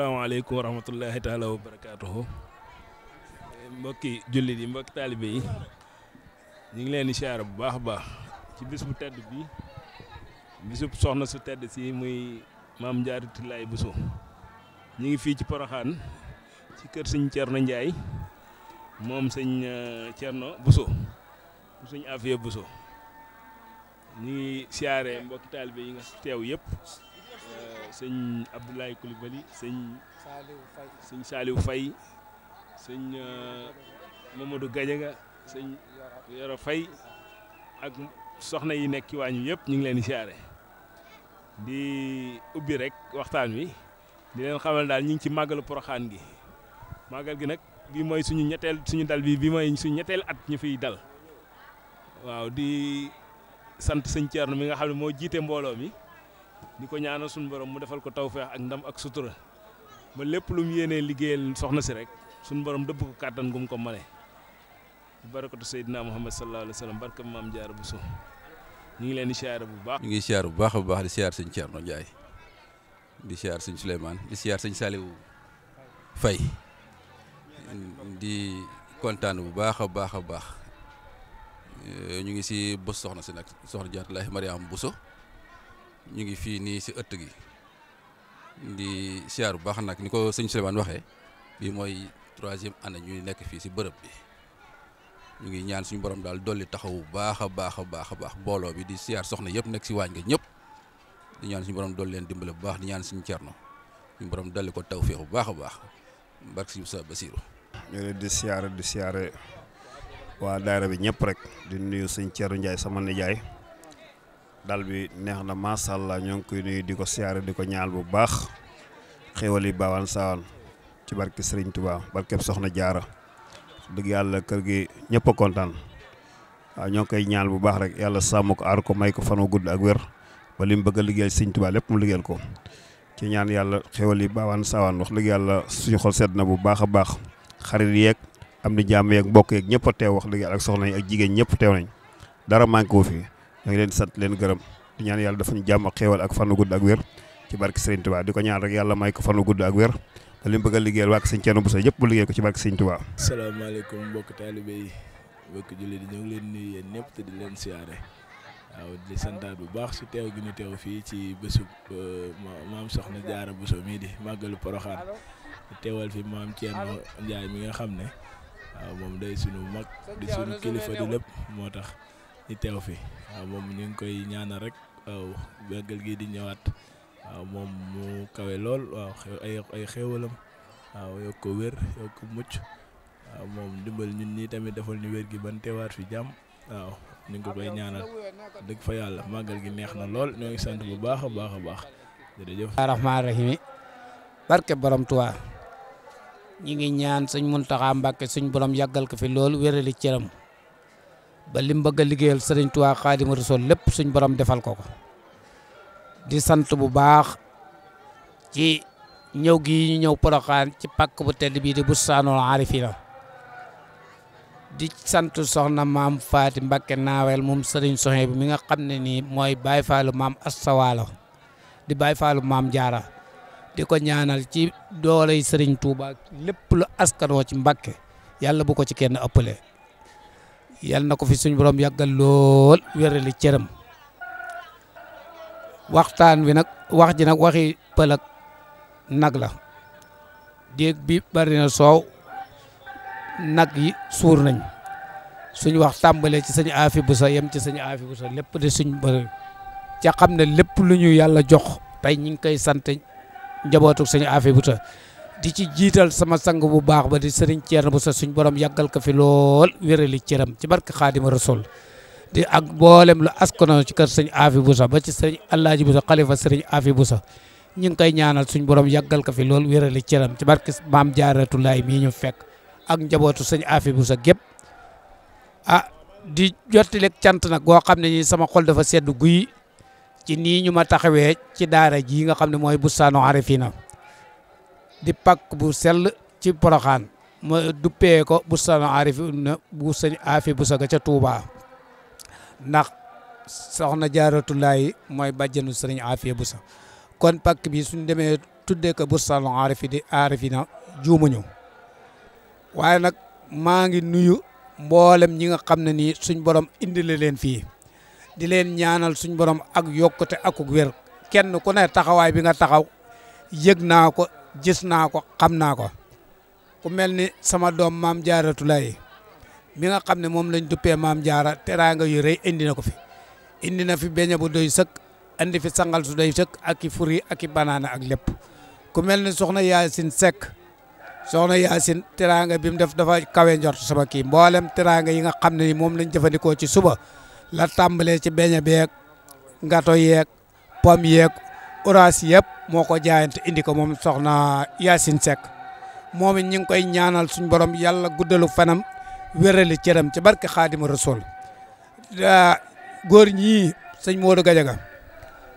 asalaamaaleykum wa rahmatullahi taala wa barakaatuhu mbokki jullit yi mbokki taalibe yi ñu ngi leen di siyaare bu baax a baax ci bis bu tedd bi bisub soxna su tedd si muy maam Njaaratu Laay Buso ñu ngi fii ci Poroxaan ci kër sëñ na Njaay moom sëñ euh, Cerno Buso suñ Afiya Buso ñu ngi siyaare mbokki taalibe yi nga teew yépp sëñ Abdoulaye Coulibaly sëñ. Saliou Faye fay Saliou Faye sëñ euh, Mamadou Gadiaga sëñ Yoro Faye ak soxna yi nekk ci waañu yëpp ñu ngi leen di siyaare di ubbi rek waxtaan wi di leen xamal daal ñu ngi ci màggalu poroxaan gi màggal gi nag bi mooy suñu ñetteel suñu dal bi bi mooy suñu ñetteel at ñu fiy dal waaw di sant sëñ na mi nga xam ne moo jiite mbooloo mi. di ko ñaanal suñu borom mu defal ko tawféex ak ndam ak sutura ba lépp lu mu yéenee liggéeyal soxna si rek suñu borom dëpp ko kàttan gu mu ko mënee barakatu Seydina Muhammad sallallahu alayhi wa sallam barka maam Jaara Buso ñu ngi leen di siyaare bu baax. ñu ngi siyaare bu baax a baax di siyaare sëñ Thierno Ndiaye di siyaare sëñ Souleymane di siyaare sëñ Saliou Faye di kontaan bu baax a baax a baax ñu ngi si bës soxna si nag soxna Jaaratullaahi bu so ñu ngi fii nii si ëtt gi di siyaar bu baax nag ni ko sëñ Souleymane waxee bii mooy troisième année ñuy nekk fii si bërëb bi ñu ngi ñaan suñu borom daal dolli taxaw bu baax a baax a baax a baax booloo bi di siyaar soxna yëpp nekk si waañ nga ñëpp di ñaan suñu borom dolli leen dimbale bu baax di ñaan suñu cerno suñu boroom dolli ko taw tawféex bu baax a baax barke si sa Basiiru ñu leen di siyaare di siyaare waa daayira bi ñëpp rek di nuyu sëñ Cerno Njaay sama nijaay dal bi neex na macha allah ñoo ngi koy nuyu di ko siyaare di ko ñaal bu baax xéwal yi baawaan saawaan ci barke tubaa Touba barkeb Soxna Jaara dëgg yàlla kër gi ñëpp kontaan waaw koy ñaal bu baax rek yàlla sàmm ko aar may ko fan gudd ak wér ba li mu bëgg a liggéeyal Serigne Touba lépp mu liggéeyal ko ci ñaan yàlla xéwal yi baawaan saawaan wax dëgg yàlla suñu xol sedd na bu baax a baax xarit yeeg am di jàmm yeeg mbokk yeeg ñëpp a teew wax dëgg ak soxna yi ak jigéen ñëpp teew nañ dara manqué fii ñu ngi leen sant leen gërëm di ñaan yàlla dafa ñu jàmm ak xéewal ak fanu gudd ak wér ci barke Serigne di ko ñaan rek yàlla may ko fanu gudd ak wér te li mu bëgg a liggéeyal waa Serigne Thierno Bousso yëpp bu liggéey ko ci barke Serigne Touba. salaamaaleykum mbokk taalibe yi mbokk jullit ñu ngi leen nuyu yéen ñëpp te di leen siyaare waaw di santaat bu baax si teew gi ñu teew fii ci bésu euh, maam soxna Jaara Bousso mii di màggalu Poroxaan teewal fi maam Thierno Ndiaye mi nga xam ne waaw moom day sunu mag di sunu kilifa di lépp moo tax ñu teew fi waaw moom ñu ngi koy ñaana rek waaw màggal gi di ñëwaat waaw moom mu kawe lool waaw ay ay xéewalam waaw yokk ko wér yokk mucc waaw moom dimbal ñun ñii tamit defal ñu wér gi ban teewaat fi jàmm waaw ñu ngi ko koy ñaanal dëgg fa yàlla màggal gi neex na lool ñoo ngi sant bu baax a baax a baax jërëjëf. rahmaani rahim barke borom Tuubaa ñi ngi ñaan suñ Muntaxa Mbàkke suñ borom yàggal ko fi lool wérali cëram. ba lim bëgg a liggéeyal sëriñ Tuubaa Xaadimu Rasuul lépp suñ borom defal ko ko di sant bu baax ci ñëw gi ñu ñëw Poroxaan ci pàkk bu tedd bii di Bustaanul Aarifiina di sant soxna maam Faati Mbakke Naawel moom sëriñ soxee bi mi nga xam ne nii mooy Baay Faalu maam Astawaalo di Baay Faalu maam Jaara di ko ñaanal ci dooley sëriñ Tuubaa lépp lu askanoo ci Mbakke yàlla bu ko ci kenn ëppale yal na ko fi suñ borom yàggal lool wérali cëram waxtaan wi nag wax ji nag waxi pël nag la déeg bi bari na soow nag yi suur nañ suñ wax tàmbalee ci sëñ aafi bu sa yem ci sëñ aafi bu sa lépp de suñ bari ca xam ne lépp lu ñu yàlla jox tey ñu ngi koy sant njabootu sëñ aafi bu di ci jiital sama sang bu baax ba di sëriñ Thierno Bousso suñ borom yàggal ko fi lool wérali cëram ci barke Xaadima Rasul di ak mboolem lu askano ci kër sëñ Afi Bousso ba ci sëriñ Alaaji Bousso xalifa sëriñ Afi Bousso ñu ngi koy ñaanal suñ borom yàggal ko fi lool wérali cëram ci barke maam Jaaratulaay mii ñu fekk ak njabootu sëñ Afi Bousso gépp ah di jottileeg cant nag goo xam ne nii sama xol dafa sedd guy ci nii ñu ma taxawee ci daara ji nga xam ne mooy Bustaanu Arifina di pakk bu sell ci poroxaan ma duppee ko bu sëñ Aarifi bu sëñ Aafi bu saga ca Touba ndax soxna Jaaratulaay mooy bàjjenu sëñ Aafi bu sa kon pàkk bi suñ demee tuddee ko bu sëñ Aarifi di Aarifi na juumuñu waaye nag maa ngi nuyu mboolem ñi nga xam ne nii suñ borom indile leen fii di leen ñaanal suñ borom ak yokkute akuk wér kenn ku ne taxawaay bi nga taxaw yëg ko gis naa ko xam naa ko ku mel ni sama doom maam jaaratu lay mi nga xam ne moom lañ duppee maam jaara teraanga yu rëy indi na ko fi indi na fi beña bu doy sëkk indi fi sangal su doy sëkk ak i furi ak i banaana ak lépp ku mel ni soxna Yaasin Seck soxna Yaasin teraanga bi mu def dafa kawe njort sama kii mboolem teraanga yi nga xam ne ni moom lañ jëfandikoo ci suba la tàmbalee ci beña beek ngato yeeg pom yeeg oraas yëpp moo ko jaayante indi ko moom soxna Yacine sek moom it ñu ngi koy ñaanal suñu borom yàlla guddalu fanam wérali cëram ci barke Xaadimu Rasuul góor ñii sëñ Modou Gadiaga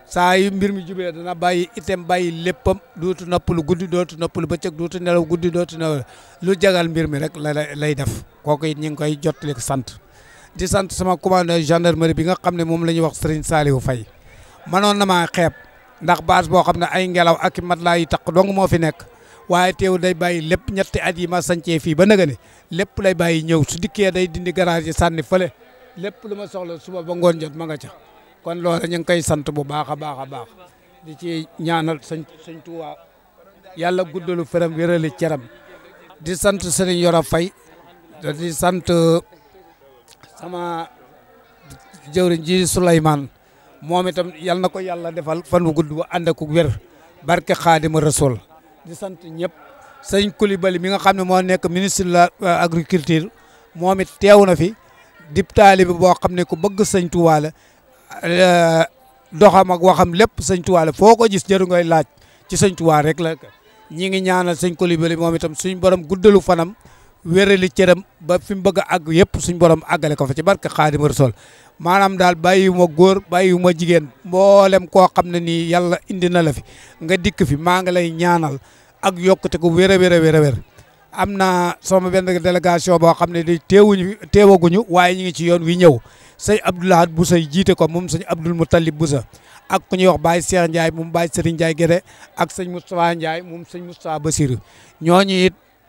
saa yi mbir mi jubee dana bàyyi item bàyyi léppam dootu noppalu guddi dootu noppalu bëccëg dootu nelaw guddi dootu nelaw lu jagal mbir mi rek la lay def kooku it ñu ngi koy jottali sant di sant sama commandeur gendarmerie bi nga xam ne moom la ñuy wax Serigne Saliou Faye manoon na maa xeeb ndax bâche boo xam ne ay ngelaw ak matelas yu taq dong moo fi nekk waaye teew day bàyyi lépp ñetti at yi ma sancee fii ba nëgëni lépp lay bàyyi ñëw su dikkee day dindi garage yi sànni fële lépp lu ma soxla suba ba jot ma nga ca kon loola ñu ngi koy sant bu baax a baax a baax di ci ñaanal sëñ sëñ Tuubaa yàlla guddalu feram wérali ceram di sant sëriñ Yoro Faye di sant sama jëwriñ ji Souleymane moom itam yal na ko yàlla defal fan wu gudd bu ànd ak wér barke xaadima rasul di sant ñëpp sëñ Coulibaly mi nga xam ne moo nekk ministre de l'agriculture euh, moom it teew na fi dib boo xam ne ku bëgg sëñ Tuubaa la euh, doxam ak waxam lépp sëñ Tuubaa foo ko gis jëru ngay laaj ci sëñ Tuubaa rek la ñi ngi ñaanal sëñ Coulibaly moom itam suñ borom guddalu fanam wérali cëram ba fi mu bëgg a àgg yëpp suñ borom àggale ko fa ci barke Xaadimu sol maanaam daal bàyyiwuma góor bàyyiwuma jigéen mboolem koo xam ne nii yalla indi na la fi nga dikk fi maa ngi lay ñaanal ak yokkute gu wér a wér a wér am na soma benn délégation boo xam ne di teewuñu teewaguñu waaye ñu ngi ci yoon wi ñëw sëñ Abdoulahad Boussa jiite ko moom sëñ Abdoul Moutalib busa ak ku ñuy wax Baye Cheikh Ndiaye moom Baye Serigne Ndiaye Guédé ak sëñ Moustapha Ndiaye moom sëñ Moustapha Bassirou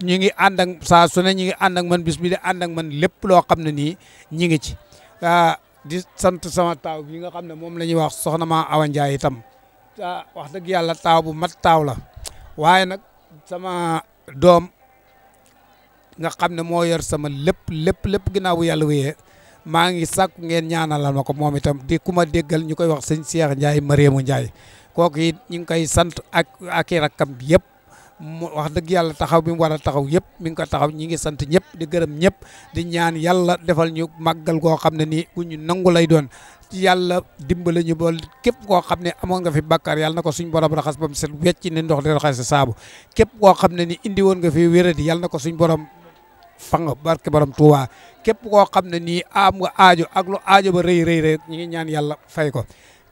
ñu ngi ànd ak saa su ne ñu ngi ànd ak man bis bi di ànd man lépp loo xam ne nii ñu ngi ci ah, di sant sama taaw bi nga xam ne moom la ñuy wax soxna ma Awa njaay itam wax dëgg yàlla taaw bu mat taaw la waaye nag sama doom nga xam ne moo yor sama lépp lépp lépp ginnaaw bu yàlla wéyee maa ngi sàkku ngeen ñaanalal ma ko moom itam di ku ma déggal ñu koy wax sëñ Cheikh Ndiaye Mariamu Ndiaye kooku it ñu ngi koy sant ak ak i rakkam yëpp. mu wax dëgg yàlla taxaw bi mu war a taxaw yëpp mi ngi ko taxaw ñi ngi sant ñëpp di gërëm ñëpp di ñaan yàlla defal ñu màggal koo xam ne nii ku ñu nangu lay doon yàlla dimbale ñu bool képp koo xam ne amoon nga fi bàkkaar yàlla na ko suñ borom raxas ba mu set wecc ni ndox di raxas saabu képp koo xam ne ni indi woon nga fi wéradi yàlla ko suñ borom fang barke borom Tuubaa képp koo xam ne nii am nga aajo ak lu ba rëy rëy rëy ñu ngi ñaan yàlla fay ko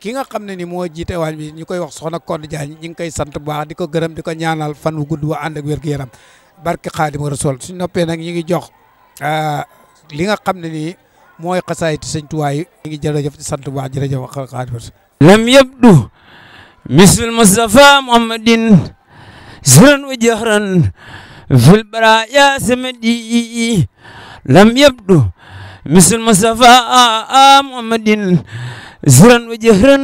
ki nga xam ne ni moo jiite waañ bi ñu koy wax soxna Codé Diagne ñi ngi koy sant bu di ko gërëm di ko ñaanal fan wu gudd wa ànd ak wér-gu-yaram wa Xaadimu Rasuul suñ noppee nag ñu ngi jox euh, li nga xam ne nii mooy xasaayit sëñ Tuubaa yi ñu ngi jërëjëf di sant bu baax jërëjëf Xaadimu Rasuul lam yabdu misl Mustafa Muhammadin sirran wa jahran fil baraaya samadi lam yabdu misl Mustafa Muhammadin سرا وجهرا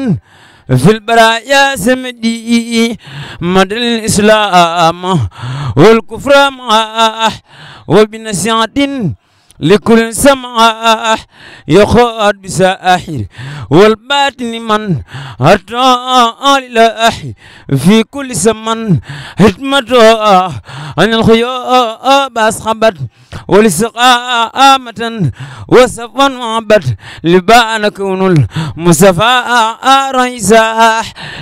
في البرايا سمدي مدى الإسلام والكفر معه وبنسيات لكل سماح يخاد بساحر والباطن من أتى لله في كل زمن حكمته أن الخيار بأصحابه والاستقامة وصفا وعبد لبان كون المصطفى رئيسا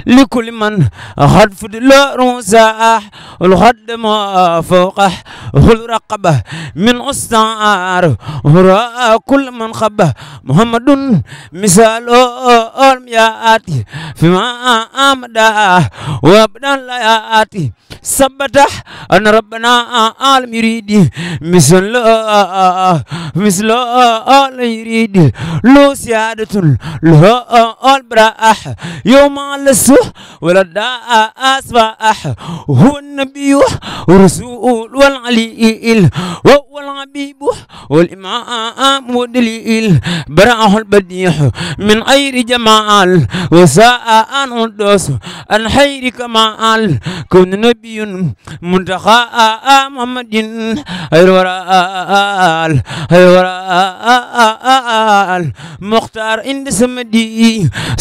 لكل من غد فضل رؤسا الغد ما فوقه خل رقبه من أستعار وراء كل من خبه محمد مثال الميات فيما أمده وابدا لا يأتي ثبت أن ربنا عالم يريد مثال لا مثل لا يريد لو سيادة لا البراح يوم الصبح ولا أصبح هو النبي ورسول والعليل وهو الحبيب والإمام والدليل براه البديع من غير جمال وساء أن الدوس عن خير كمال كون نبي منتخى محمد غير وراء waral waral muxtaar indi samedi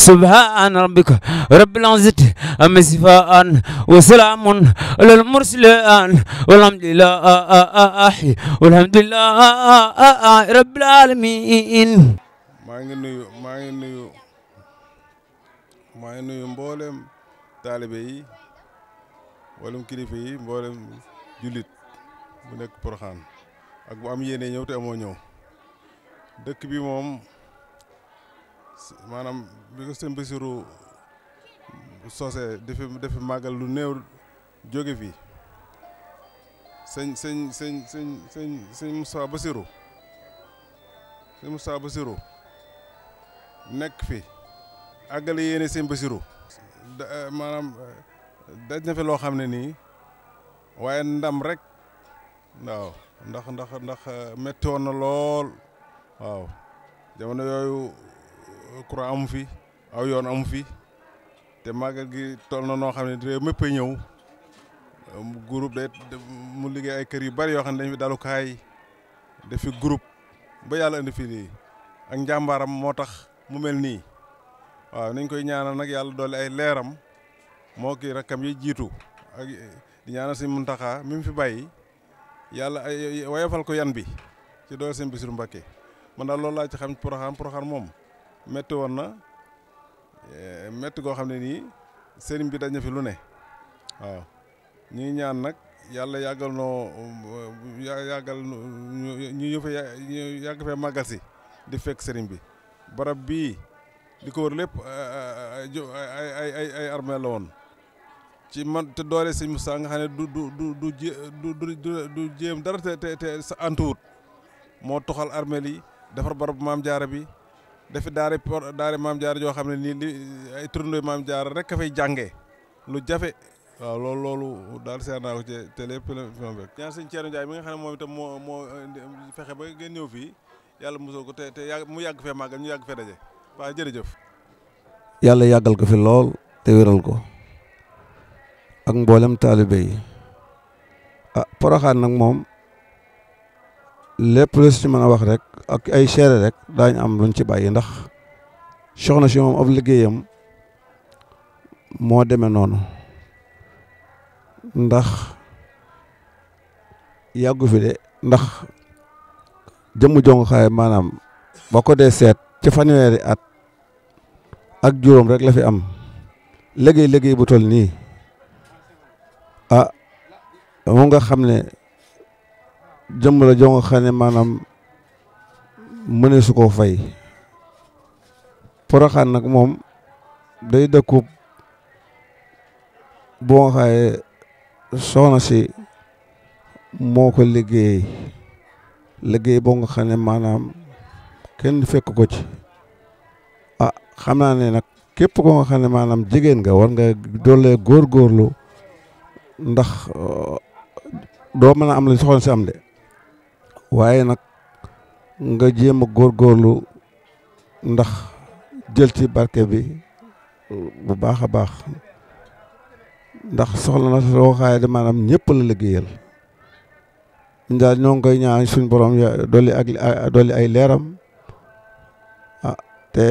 subhaan rabbika rabbil izzati amma yasifaan wa salaamun alal mursaliin walhamdulillahi walhamdulillahi rabbil aalamiin maa ngi nuyu maa ngi nuyu maa ngi nuyu mboolem taalibe yi mboolem kilifa yi mboolem jullit bu nekk Porokhane ak bu am yéene ñëw te amoo ñëw dëkk bi moom maanaam bi ko sëñ Bassirou sosee dafi dafi màggal lu néew jóge fi sëñ sëñ sëñ sëñ sëñ sëñ Moustapha Bassirou sëñ Moustapha Bassirou nekk fi àggale yéene sëñ Bassirou maanaam daj na loo xam ne nii waaye ndam rek waaw ndax ndax ndax eh, métti woon na lool waaw jamono yooyu eh, courant amu fi aw yoon amu fi te màggal gi toll na noo xam ne réew mépp a ñëw eh, groupe day mu liggéey ay kër yu bari yoo xam ne dañ fi dalukaay dafi groupe ba yàlla indi fii nii ak njàmbaaram moo tax mu mel nii waaw nañ koy ñaanal nag yàlla doole ay leeram moo kii rakkam yi jiitu ak di ñaanal si muntaxaa mi mu fi bàyyi yàlla ay wayafal ko yan bi ci doole seen Basiru Mbàkke man daal loolu laa ci xam Poroxaan Poroxaan moom métti woon na eh, métti goo xam ne nii sëriñ bi dañ fi lu ne waaw ñu ñaan nag yàlla yàggal noo yàggal ñu yëfe yàgg fee màggal si di fekk sëriñ bi barab bii di ko wër lépp eh, eh, ay ay ay ay armée la woon ci man te doole sëñ Moussa nga xam ne du du du du du du jéem dara te te te sa antuwut moo toxal armeel yi defar barab maam jaara bi dafi daare daare maam jaara joo xam ne nii li ay turandoo maam jaara rek a fay jàngee lu jafe waaw loolu loolu daal seet naa ko ci te lépp ñaan sëñ Thierno Ndiaye mi nga xam ne moom itam moo moo fexe ba ngeen ñëw fii yàlla mosoo ko te te mu yàgg fee màggal ñu yàgg fee daje waaw jërëjëf yàlla yàggal ko fi lool te wéral ko ak mboolem taalibe yi ah Porokhane nag moom lépp lu si mën a wax rek ak ay seere rek daañu am luñ ci bàyyi ndax soxna si moom ab liggéeyam moo demee noonu ndax yàggu fi de ndax jëmm jong xaay maanaam boo ko dee seet ci fanweeri at ak juróom rek la fi am liggéey liggéey bu toll nii a ah, moom nga xam ne jëmm la xane nga xam ne maanaam mënee su koo fay poroxaan nag moom day dëkkub boo nga xaye soxna si moo ko liggéey liggéey boo nga xam ne maanaam kenn fekk ko ci ah xam naa ne nag képp ko nga xam ne maanaam jigéen nga war nga doole góorgóorlu ndax uh, doo mën a am lañ soxoon si am de waaye nag nga jéem a góorlu ndax jël ci barke bi uh, bu baax a baax ndax soxla na loo xaaye de maanaam ñëpp la liggéeyal ñun daal ñoo ngi koy ñaan suñ borom uh, dolli ay leeram ah te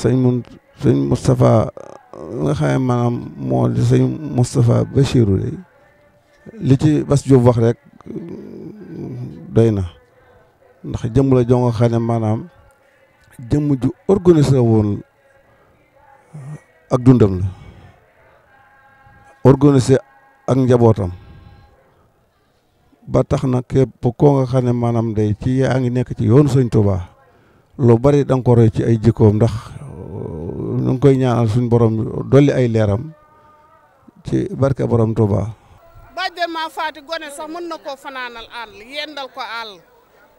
sëñ mun sëñ Moustapha nga xam ne maanaam moo di sëñ Moustapha Bachirou de li ci Bass Diop wax rek doy na ndax jëmm la joo nga xam ne maanaam jëmm ju organisé woon ak dundam la organisé ak njabootam ba tax na képp koo nga xam ne day ci yaa ngi nekk ci yoonu sëñ Touba lu bari da nga ci ay jikkoom ndax ñu koy ñaanal suñu borom dolli ay leeram ci barke borom Touba. bàjjen maa faati gone sax mën na koo fanaanal àll yendal ko àll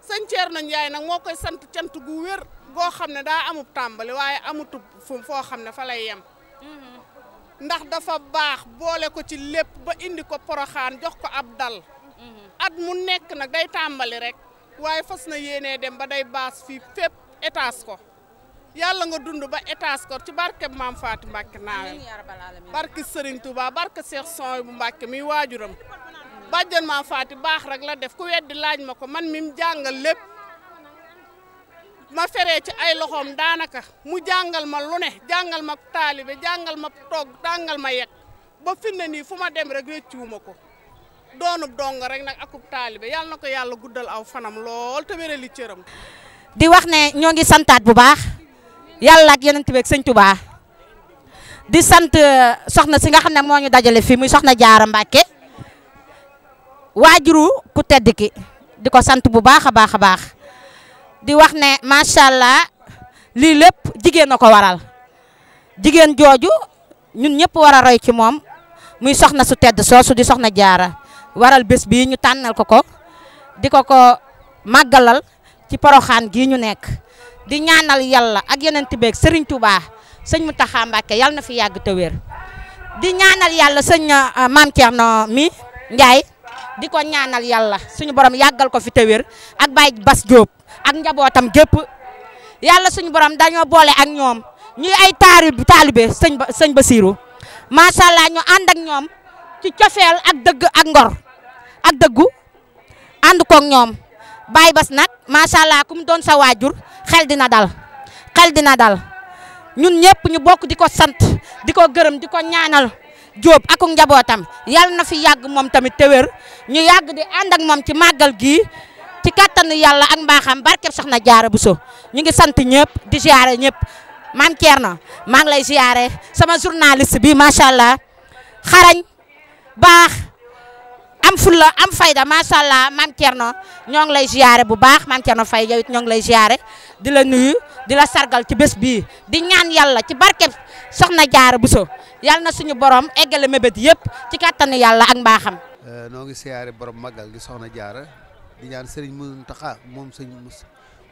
sëñ Thierno yaay nag moo koy sant cant gu wér goo xam ne daa amub tàmbali waaye amutub fu foo xam ne fa lay yem. ndax dafa baax boole ko ci lépp ba indi ko poroxaan jox ko ab dal. at mu nekk nag day tàmbali rek waaye fas na yéenee dem ba day baas fii fépp étage ko. yàlla nga dund ba étage ko ci barke maam Fatou Mbacke naawe barke Serigne Touba barke Cheikh Son bu Mbacke mi waajuram bàjjan maam Fatou baax rek la def ku weddi laaj ma ko man mi mu jàngal lépp ma feree ci ay loxoom daanaka mu jàngal ma lu jàngal ma taalibe jàngal ma toog jàngal ma yegg ba fi ne nii fu ma dem rek rëccuwuma ko doonub dong rek nag akub taalibe yàlla na ko yàlla guddal aw fanam lool te wérali cëram. di wax ne ñoo ngi bu baax. yàlla ak yonent bi ak sëñ Touba di sant euh, soxna si nga xam ne moo ñu dajale fii muy soxna Jaara Mbàkke waajuru ku tedd ki di ko sant bu baax a baax a baax di wax ne macha allah lii lépp jigéen na ko waral jigéen jooju ñun ñëpp war a roy ci moom muy soxna su tedd soosu di soxna Jaara waral bés bi ñu tànnal ko ko di ko ko màggalal ci poroxaan gi ñu nekk. di ñaanal yàlla ak yeneen tibeeg sëriñ Touba sëñ Mountakha Mbacké yàlla na fi yàgg te wér di ñaanal yàlla sëñ euh, maam Thierno mi Ndiaye di ko ñaanal yàlla suñu borom yàggal ko fi te wér ak Baye Bas Diop ak njabootam gépp yàlla suñu borom dañoo boole ak ñoom ñuy ay taari taalibe sëñ ba sëñ macha allah ñu ànd ak ñoom ci cofeel ak dëgg ak ngor ak dëggu ànd koog ñoom Baye Bas nag macha allah doon sa waajur. xel di na xel dina dal ñun ñëpp ñu bokk di ko sant di ko gërëm di ko ñaanal Jóob ak njabootam yàlla na fi yàgg moom tamit te wér ñu yàgg di ànd ak moom ci màggal gii ci kattanu yàlla ak mbaaxam barkeb Soxna Jaara Buso ñu ngi sant ñëpp di ziare ñëpp maam Thierno maa ngi lay ziare sama journaliste bi macha allah xarañ baax. am fulla am fayda macha allah maam Thierno ñoo ngi lay ziare bu baax maam Thierno Faye yow it ñoo ngi lay ziare di la nuyu di la sargal ci bés bii di ñaan yàlla ci barke soxna Jaara Buso yàlla na suñu borom eggale mébét yëpp ci kattanu yàlla ak mbaaxam. Euh, noo ngi ziare borom magal gi soxna Jaara di ñaan sëriñ Muntaxa moom sëñ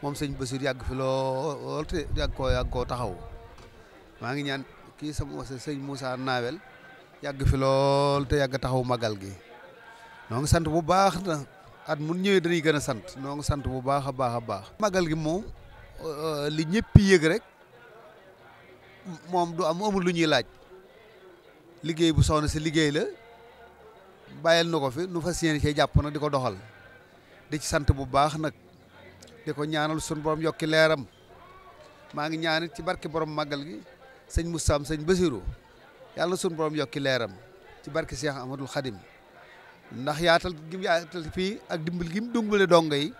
moom sëñ Basiir yàgg fi lool te yàgg koo taxaw maa ngi ñaan kii sama sëñ Moussa Nawel yàgg fi lool te yàgg taxaw magal gi. noo sant bu baax na at mun ñëwee dañuy gën a sant noo sant bu baax a baax a baax magal gi moom euh, li ñëpp yëg rek moom du am lu ñuy laaj liggéey bu soxna si liggéey la bàyyil na ko fi nu fas yéene cee jàpp nag di ko doxal di ci sant bu baax nag di ko ñaanal sun borom yokki leeram maa ngi ñaanit ci barke borom màggal gi sëñ Moustapha sëñ Basirou yàlla sun borom yokki leeram ci barke Cheikh Amadou Khadim ndax yaatal gi fii ak dimbal gi mu dimbale dongo yi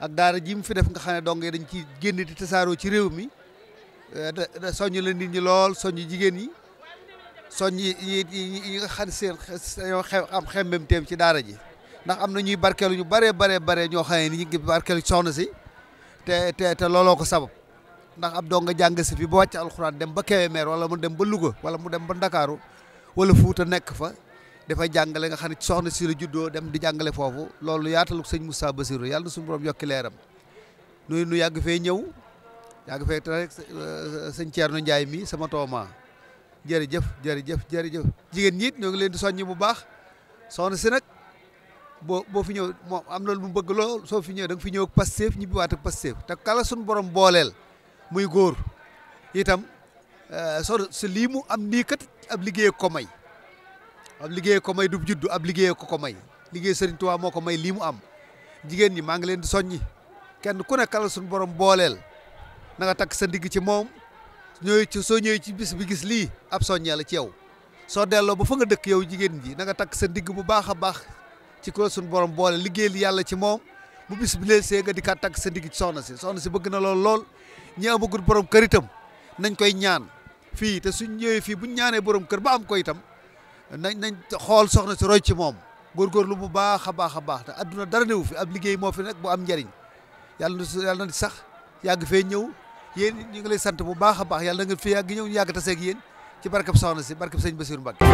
ak daara ji mu fi def nga xam ne dongo yi dañ ci génn di tasaaroo ci réew mi eh, soññ la nit ñi lool soññ jigéen ñi soññ yi ñi nga xam seen ñoo am xemmem teem ci daara ji ndax am na ñuy barkeelu ñu bare bare bare ñoo xam ni ñu ngi barkeelu soxna si te te te looloo ko sabab ndax ab donga jàng si fi ba wàcc alxuraan dem ba Kébémer wala mu dem ba Louga wala mu dem ba Ndakaaru wala Fuuta nekk fa dafay jàngale nga xam ne soxna si la juddoo dem di jàngale foofu loolu yaatalu sëñ Moussa Bassirou yàlla na suñu borom yokki leeram nuyu nu yàgg fee ñëw yàgg fee rek sëñ Thierno njaay mi sama tooma jërëjëf jërëjëf jërëjëf jigéen ñi it ñoo ngi leen di soññi bu baax soxna si nag boo boo fi ñëw moo am loolu mu bëgg lool soo fi ñëw da fi ñëw ak Pastef ñibbiwaat ak Pastef te kala suñu borom booleel muy góor itam eh, soxna si lii mu am nii kat ab liggéey ko may ab liggéey ko may du juddu ab liggéey ko ko may liggéey Sëriñ Tuubaa moo ko may lii mu am jigéen ñi maa ngi leen di soññi kenn ku nekkal suñu borom booleel na nga takk sa ndigg ci moom ñooy ci soo ñëwee ci bis bi gis lii ab soññee la ci yow soo delloo ba fa nga dëkk yow jigéen ji na nga takk sa ndigg bu baax a baax ci ko suñu borom liggéey li yàlla ci moom mu bis bu lee see nga di kat takk sa ndigg ci soxna si soxna si bëgg na lool lool ñi amagul borom kër itam nañ koy ñaan fii te suñ ñëwee fii buñ ñaanee borom kër ba am ko itam nañ nañ xool soxna si roy ci moom góorgóorlu bu baax a baax a baax te adduna dara newu fi ab liggéey moo fi nekk bu am njariñ yàlla na yàlla sax yàgg fee ñëw yéen ñu ngi lay sant bu baax a baax yàlla na nga fi yàgg ñëw ñu yàgg taseeg yéen ci barkab soxna si barkab sëñ Bassirou Mbacké